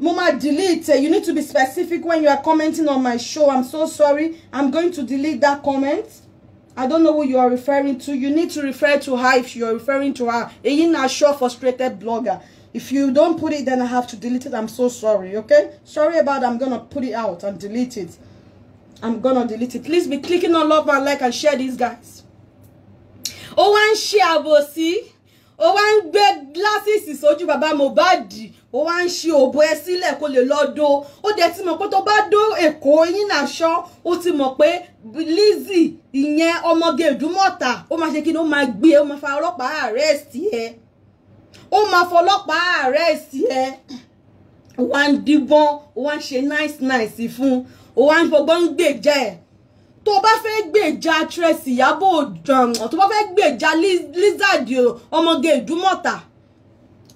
S1: mo ma delete e. you need to be specific when you are commenting on my show i'm so sorry i'm going to delete that comment i don't know who you are referring to you need to refer to her if you are referring to her èyí na sure frustrated blogger If you don't put it, then I have to delete it. I'm so sorry, okay? Sorry about I'm going to put it out and delete it. I'm going to delete it. Please be clicking on love and like and share these guys. Ó wá ń ṣe àbòsí. Ó wá ń gbé glasses sójú bàbá Mohbad. Ó wá ń ṣe òbò ẹ sílẹ̀ kó lè lọ dó. Ó dẹ̀ ti mọ̀ pé tó bá dó Èkó yín naso, ó ti mọ̀ pé Lizzy ìyẹn ọmọge Ìdúmọ̀tà. Ó máa ṣe kíni ó máa gbé ó máa fa ọlọ́pàá arrest ẹ. Eh ó máa fọlọ́pàá àrẹ́sì ẹ wá ń díbọ́n wá ń ṣe nice nice fún wá ń fọgbọ́n gbèjà ẹ̀ tó bá fẹ́ gbèjà tracy Ìyábọ̀ ọ̀dàn tó bá fẹ́ gbèjà lizard ọmọge ìdúmọ̀tà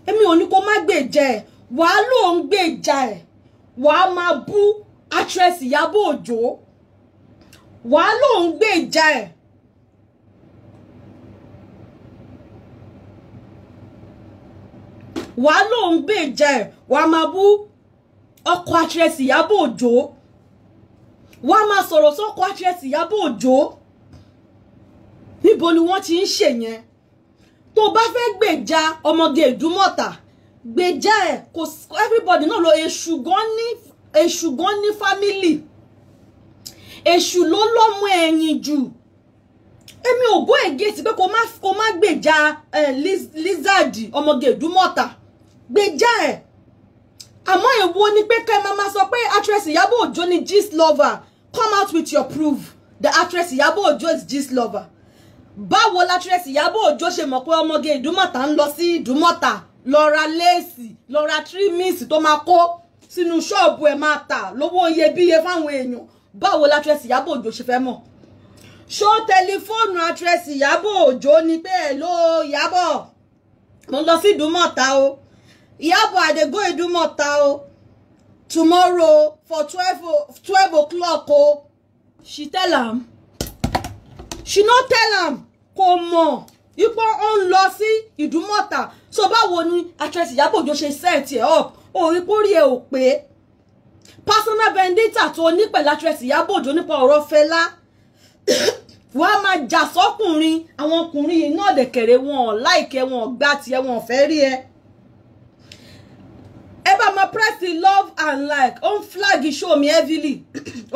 S1: èmi ò ní kó má gbèjà ẹ̀ wàá lò ń gbèjà ẹ̀ wàá máa bú actress Ìyábọ̀ Òjó wàá lò ń gbèjà ẹ̀ wà á lóun gbé ìjà ẹ̀ wà á máa bú ọkọ̀ àtìrẹsì Ìyábọ̀ Òjó wà á máa sọ̀rọ̀ sọ́kọ̀ àtìrẹsì Ìyábọ̀ Òjó níbo ni wọ́n ti ń ṣèyẹn tó bá fẹ́ gbèjà ọmọge Ìdúmọ̀tà gbèjà ẹ̀ kò everybody náà lo èṣù gan ní èṣù gan ní family èṣù ló lọ́mọ ẹ̀yìn jù èmi ò bó ègé sí pé kó má gbèjà lizard ọmọge Ìdúmọ̀tà gbèjà ẹ̀ àmọ́ èwo ni pé kẹ́ máa sọ pé actress Ìyábọ̀ Òjó ni gist lover come out with your proof the actress Ìyábọ̀ Òjó is gist lover báwo l'actress Ìyábọ̀ Òjó ṣe mọ̀ pé ọmọge Ìdúmọ̀tà ń lọ sí Ìdúmọ̀tà lọ ra léèsì lọ ra tírímìsì tó máa kó sínú ṣọ́ọ̀bù ẹ̀ máa tà lówó iyebíye fáwọn èèyàn báwo l'actress Ìyábọ̀ Òjó ṣe fẹ́ mọ̀ ṣó tẹlifóònù actress Ìyábọ̀ Òjó ni pé ẹ̀ ló Ìyábọ̀ mo lọ sí Ìdúmọ̀tà o Yabo, I dey go Edumota o. Tomorrow for twelve twelve o'clock o. She tell am. She no tell am. Kò mọ̀. Ipò ó ń lọ sí Ìdúmọ̀tà. So báwo ni actress Iyabo Ojo ṣe set e up. O rí pori e o pé. Personal vendetta tó ní pẹ̀lú actress Iyabo Ojo nípa ọ̀rọ̀ Fẹlá wọ́n á máa jà sọ́kùnrin àwọn ọkùnrin náà dẹ̀kẹ̀rẹ̀ wọn ò láìkẹ́ wọn ò gbá tiẹ̀ wọn ò fẹ́ rí ẹ. Eba bá press the love and like on ń flag show me heavily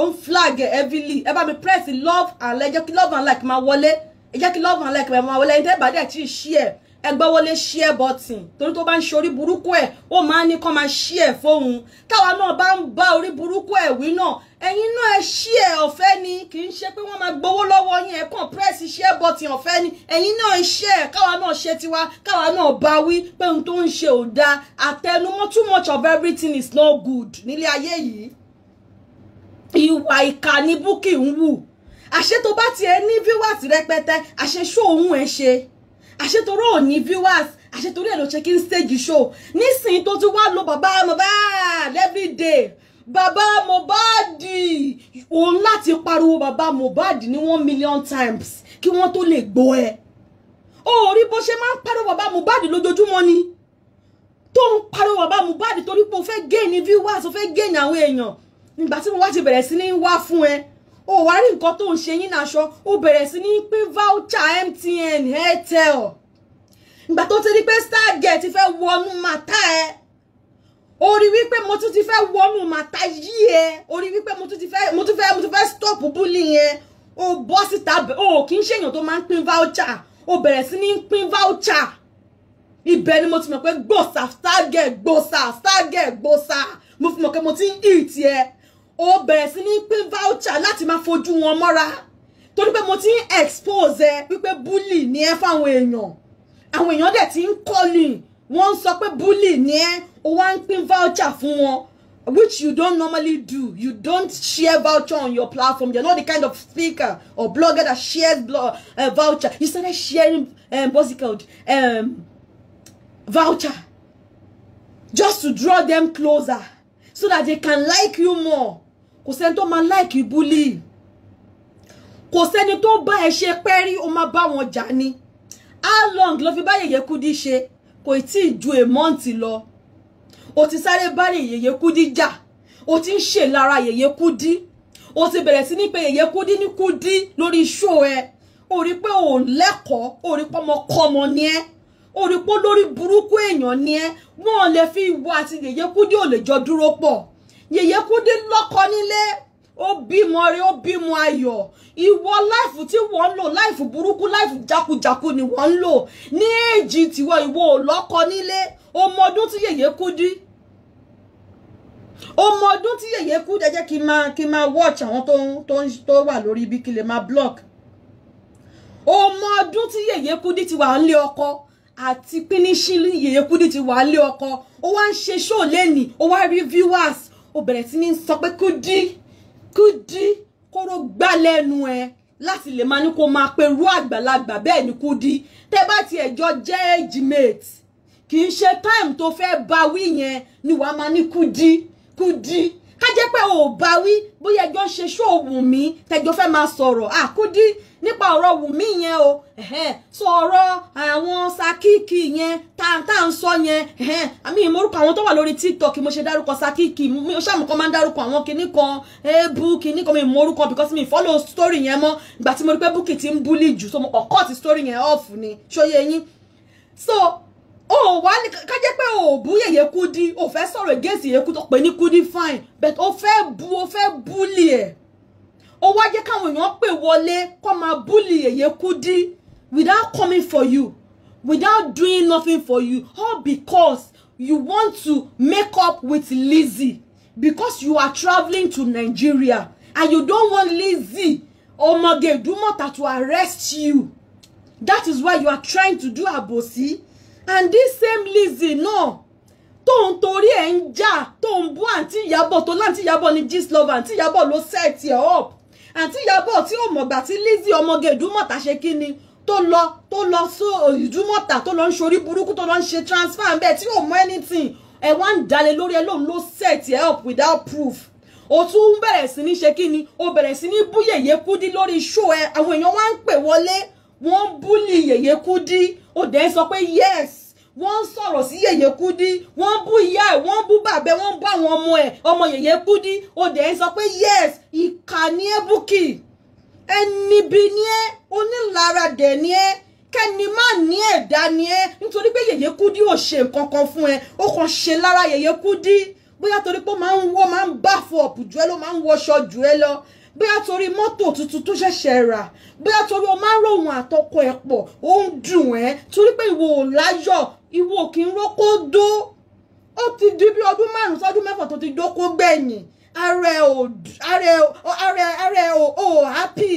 S1: on flag heavily Eba me press the love and like ẹ love and like my wallet, ẹ jẹ́ love and like my wallet. ẹ jẹ́ bá dẹ̀ tí share ẹ gbọ́wọ́lé share button torí tó bá ń ṣe orí burúkú ẹ̀ ó máa ní kán máa share fóun táwa náà bá ń bá orí burúkú ẹ̀ wí náà ẹ̀yin náà ẹ share ọ̀fẹ́ ni kì í ṣe pé wọ́n máa gbowó lọ́wọ́ yín ẹ̀ kàn press share button ọ̀fẹ́ ni ẹ̀yin náà share káwa náà ṣe tiwa káwa náà bá wí pé ohun tó ń ṣe ò dáa àtẹnumọ́ too much of everything is no good nílé ayé yìí ìwà ìkà ni Bukky ń wù àṣẹ tó bá tiẹ̀ ní viewers rẹpẹtẹ àṣẹ ṣó òun àṣetorí ò ní viewers àṣetorí ẹ̀ ló ṣe kí n stage show nísìnyí tó ti wá lo bàbá Mohbad everyday bàbá Mohbad òun láti pariwo bàbá Mohbad ní one million times kí wọ́n tó lè gbọ́ ẹ orí bó ṣe máa ń pariwo bàbá Mohbad lójoojúmọ́ ni tó ń pariwo bàbá Mohbad torí pé o fẹ́ gé ní viewers o fẹ́ gé àwọn èèyàn nígbà tí mo wá ti bẹ̀rẹ̀ sí ní wá fún ẹ ò wá rí nǹkan tó ń ṣe yín náà aṣọ ó bẹ̀rẹ̀ sí ní pín voucher MTN Airtel ìgbà tó ti rí pé Stargurl fẹ́ wọnú màtá ẹ orí wípé mo tún ti fẹ́ wọnú màtá yí ẹ orí wípé mo tún ti fẹ́ mo tún fẹ́ mo tún stop bullying yẹn o bọ́ síta o kì í ṣèyàn tó máa ń pín voucher o bẹ̀rẹ̀ sí ní pín voucher ibẹ̀ ni mo ti mọ̀ pé gbòòsà Stargurl gbòòsà Stargurl gbòòsà mo fi mọ̀ pé mo ti ń hìtì ẹ ó bẹ̀rẹ̀ sí ní pín voucher láti máa fojú wọn mọ́ra torí pé mo ti ń expose ẹ wípé bully ni ẹ fáwọn èèyàn àwọn èèyàn dẹ̀ ti ń calling wọ́n ń sọ pé bully ni ẹ o wá ń pín voucher fún wọn which you don't normally do. You don't share voucher on your platform. You're not the kind of speaker or blogger that shares blog, uh, eh, voucher. You started sharing, um, what's it called? Um, voucher. Just to draw them closer so that they can like you more kò sẹ́ni tó máa láìkì búlì kò sẹ́ni tó bá ẹ ṣe pẹ́rí ó máa bá wọn jà ni how long ló fi bá yèyé kudi ṣe kò tí ì ju a month lọ o ti sáré bá yèyé kudi jà o ti ń ṣe lára yèyé kudi o ti bẹ̀rẹ̀ sí ní pé yèyé kudi ní kudi lórí ṣó ẹ o rí pé o lẹ́kọ̀ọ́ o rí pé ọmọkọ́mọ ni ẹ́ o rí pé olórí burúkú èèyàn ni ẹ́ wọ́n lè fi ìwọ àti yèyé kudi ò lè jọ dúró pọ̀. Yèyé Kúdí lọ́kọ nílé ó bímọ rẹ ó bímọ ayọ̀ ìwọ láìfù tí wọ́n ń lò láìfù burúkú láìfù jákujàku ni wọ́n ń lò ní èjì tiwọn ìwọ ò lọ́kọ nílé ọmọ ọdún tí Yèyé Kúdí ọmọ ọdún tí Yèyé Kúdí jẹ́ kí máa kí máa watch àwọn tó ń tó wà lórí ibi kí lè máa block ọmọ ọdún tí Yèyé Kúdí ti wà ń lé ọkọ àti pínísìn Yèyé Kúdí ti wà ń lé ọkọ ó wá ń ṣe ṣó lẹ́nìí ó wá rí viewers o bẹ̀rẹ̀ ní sọ pé kú dí kú dí kóró gbá lẹ́nu ẹ láti lè máa ní kó máa perú àgbàlagbà bẹ́ẹ̀ ni kú dí tẹ́ bá tiẹ̀ jọ jẹ́ age mate kì í ṣe time tó fẹ́ bá wí yẹn ni wàá máa ní kú dí kú dí ká jẹ́ pé ò bá wí bóyá ẹjọ́ ṣe ṣóòwò mi tẹ́jọ́ fẹ́ máa sọ̀rọ̀ àkúdí ah, nípa ọ̀rọ̀ wùmí yẹn o sọ ọ̀rọ̀ àwọn sakíkì yẹn táǹtà ń sọ yẹn àmì ìmọ̀rúkọ àwọn tó wà lórí tiktok mo ṣe dárúkọ sakíkì mo ṣàmù kan máa ń dárúkọ àwọn kinní kan ebu kinní kan mi ìmọ̀rúkọ because mi follow story yẹn mọ́ ìgbà tí mo rí pé búkì ti ń búlì jù so mo ti story yẹn off ni ṣóyè yín so o oh, wá ní ká jẹ́ pé o bú yèyé kudi o fẹ́ sọ̀rọ̀ against yèyé kudi o pè ní kudi fine but o fẹ́ bu o fẹ́ bully ẹ̀ ó wá jẹ́ káwọn èèyàn pè wọlé kó máa búlì èyí kú dí without coming for you without doing nothing for you all because you want to make up with Lizzy because you are travelling to Nigeria and you don't want Lizzy ọmọge Ìdúmọ̀tà to arrest you that is why you are trying to do Abosi, and this same Lizzy no, tóun torí ẹ̀ ń jà tóun bú àǹtí Ìyábọ̀ tó láǹtí Ìyábọ̀ ní gist lover àǹtí Ìyábọ̀ ló set ẹ̀ up àǹtí Ìyábọ̀ tí ò mọ̀gbà tí Lizzy ọmọge Ìdúmọ̀tà ṣe kí ni tó lọ tó lọ sọ Ìdúmọ̀tà tó lọ ń ṣorí burúkú tó lọ ń ṣe transfer ń bẹ̀ tí ò mọ anything ẹ wá ń dalẹ̀ lórí ẹ lóun ló set help without proof o tún ń bẹ̀rẹ̀ sí ní ṣe kí ni o bẹ̀rẹ̀ sí ní bú Yèyé Kúdí lórí show ẹ àwọn èèyàn wá ń pè wọlé wọ́n ń búlì Yèyé Kúdí ó dẹ̀ sọ pé yes wọ́n ń sọ̀rọ̀ sí yèyé kúdí wọ́n bú ìyá ẹ̀ wọ́n bú bàbẹ́ wọ́n bú àwọn ọmọ ẹ̀ ọmọ yèyé kúdí o dẹ̀ ń sọ pé yes ìkà ni ẹ́ búkì ẹni bí ni ẹ́ onílara dẹ̀ ni ẹ́ kẹ́ni má ní ẹ̀dá ni ẹ́ nítorí pé yèyé kúdí ò ṣe nǹkan kan fún ẹ ó kàn ṣe lára yèyé kúdí bóyá torí pé ó máa ń wọ́ máa ń bá fọ ọ̀pù jù ẹ́ ló máa ń wọṣọ jù ẹ́ lọ bóyá torí mọ́tò tuntun tó ṣẹ̀ṣẹ̀ rà bóyá torí o máa ń ròhun àtọkọ ẹ̀ pọ̀ ó ń dùn ẹ́ torí pé ìwọ ò láyọ̀ ìwọ kì í rókó dó ó ti di bí ọdún márùn sọdún mẹ́fà tó ti dókó gbẹ̀yìn ara ẹ ò ara ẹ ò ara ẹ ò ò happy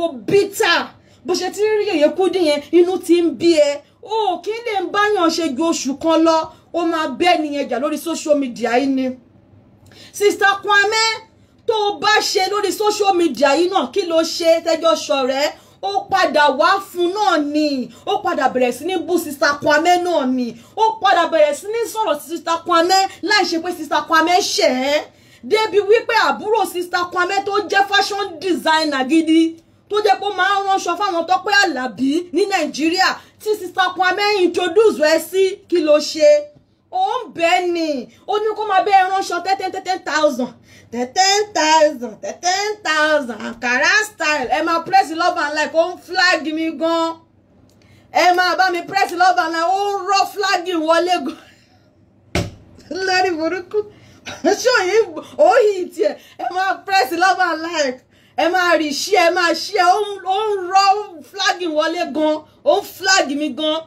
S1: ò bitter bó ṣe ti rí yèyé kúdí yẹn inú ti ń bí ẹ ò kí n lè báyàn ṣe ju oṣù kan lọ ó máa bẹ́ẹ̀ nìyẹn jà lórí social media yìí ni sista Kwame tó o bá ṣe lórí social media yìí náà kí ló ṣe tẹjọ ṣọ̀rẹ́ ó padà wá fún náà ni ó padà bẹ̀rẹ̀ sí ní bú sista Kwame náà ni ó padà bẹ̀rẹ̀ sí ní sọ̀rọ̀ sí sista Kwame láì ṣe pé sista Kwame ṣẹ̀ ẹ́ débi wípé àbúrò sista Kwame tó jẹ́ fashion designer gidi tó jẹ́ pé ó máa ń ránṣọ fáwọn Tọ́pẹ́ Àlàbí ní Nàìjíríà tí sista Kwame introduce ẹ sí kí ló ṣe ó ń bẹ́ ni ó ní kó máa bẹ́ ránṣọ ten ten thousand ten thousand ten thousand Ankara style ẹ máa press love and like ó flag mi gan ẹ máa bá mi press love and like ó ń rọ flag wọlé gan lórí burúkú ṣòyìn òyì tiẹ̀ ẹ máa press love and like ẹ máa rì ṣí ẹ máa ṣí ẹ ó ń rọ flag wọlé gan ó flag mi gan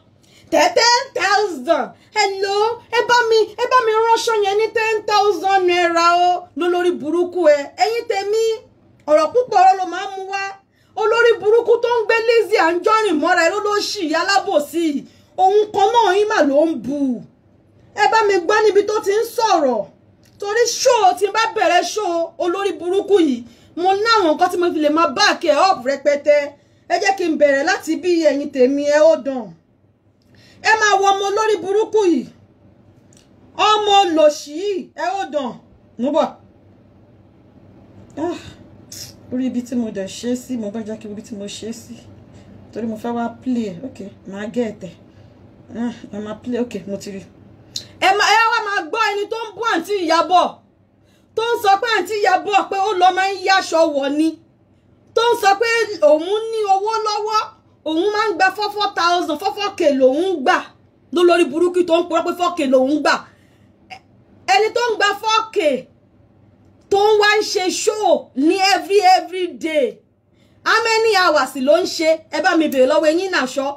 S1: ten thousand hello ẹ bá mi ẹ bá mi ránṣọ yẹn ní ten thousand naira o lólórí burúkú ẹ ẹ̀yin tèmi ọ̀rọ̀ púpọ̀ ọ̀rọ̀ ló máa ń mú wá olórí burúkú tó ń gbé Lizzy Anjorin mọ́ra ẹ ló ló ṣì alábòsí òun kan náà yín mà ló ń bu ẹ bá mi gbọ́ níbi tó ti ń sọ̀rọ̀ torí ṣóò tí n bá bẹ̀rẹ̀ ṣóò olórí burúkú yìí mo náwọn nǹkan tí mo fi lè máa bá àkẹ́ up rẹpẹtẹ ẹ jẹ́ kí n bẹ̀rẹ̀ láti bí ẹ̀yin tèmi ẹ ó dàn ẹ máa wọ ọmọ olórí burúkú yìí ọmọ olòṣì yìí ẹ ó dàn mú orí ah, ibi tí mo dẹ̀ ṣe sí mo bá jẹ́ ibi tí mo ṣe sí torí mo fẹ́ wá play ok màá gé ẹ̀tẹ̀ ẹ máa play ok mo ti rí ẹ máa ẹ wá máa gbọ́ ẹni tó ń bú àǹtí Ìyábọ̀ tó ń sọ pé àǹtí Ìyábọ̀ pé ó lọ máa ń yáṣọ wọ̀ ni tó ń sọ pé òun ní owó lọ́wọ́ òun máa ń gba four four thousand four four k lòun gbà lólórí burúkú tó ń purọ́ pé four lòun gbà ẹni tó ń gba four tó ń wá ń ṣe show ní every every day how many hours ló ń ṣe ẹ bá mi bèrè lọ́wọ́ eyín náà ṣọ́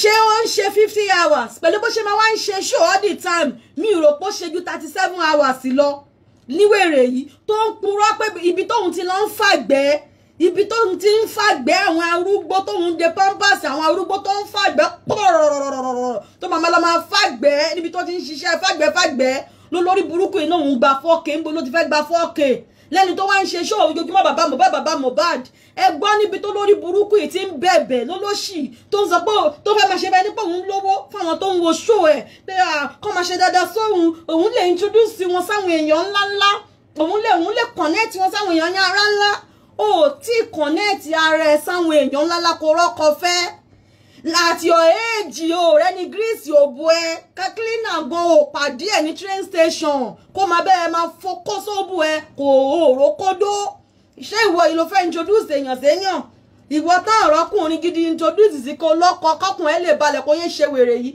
S1: ṣé ó ń ṣe fifty hours pẹ̀lú bó ṣe máa wá ń ṣe show all the time mi rò pé ó ṣe ju thirty seven hours lọ níwèrè yìí tó ń purọ́ pé ibi tóun ti lọ ń fàgbẹ́ ibi tó ń ti ń fàgbẹ́ àwọn arúgbó tó ń de pampers àwọn arúgbó tó ń fàgbẹ́ pọ̀rọ̀rọ̀rọ̀rọ̀ tó màmá máa fàgbẹ́ níbi tó ti ń ṣiṣẹ́ fàgbẹ́ fàgbẹ́ lólórí burúkú iná òun gba fọ́ọ̀kì ń ló ti fẹ́ gba fọ́ọ̀kì lẹ́ni tó wá ń ṣe ṣó ojoojúmọ́ bàbá Mohbad bàbá Mohbad ẹ gbọ́ níbi tó lórí burúkú yìí ti ń bẹ̀bẹ̀ lólóṣì tó ń sọ pé tó fẹ́ máa ṣe bẹ́ẹ̀ nípa òun lówó fáwọn tó ń wo ṣó ẹ̀ pé kọ́ máa ṣe dáadáa sóhun òun lè introduce wọn sáwọn èèyàn ńláńlá òun lè òun lè connect wọn sáwọn èèyàn ní ara ńlá o tí kọ̀nẹ́ẹ̀tì ara ẹ sáwọn èèyàn ńláńlá kò rọ́kọ fẹ́ láti ọ̀ éèjì o rẹ ní gírísì òbu ẹ kákílínà gan o pàdé ẹ ní train station kó máa bẹ́ẹ̀ máa fọkọ́ sóbù ẹ kò òòró kódó ṣé ìwọ yìí ló fẹ́ introduce èèyàn séèyàn ìwọ tán ọ̀rọ̀kùnrin gidi introduce sí kó lọ́kọ kọ́kùn ẹ lè balẹ̀ kó yé ṣe wèrè yìí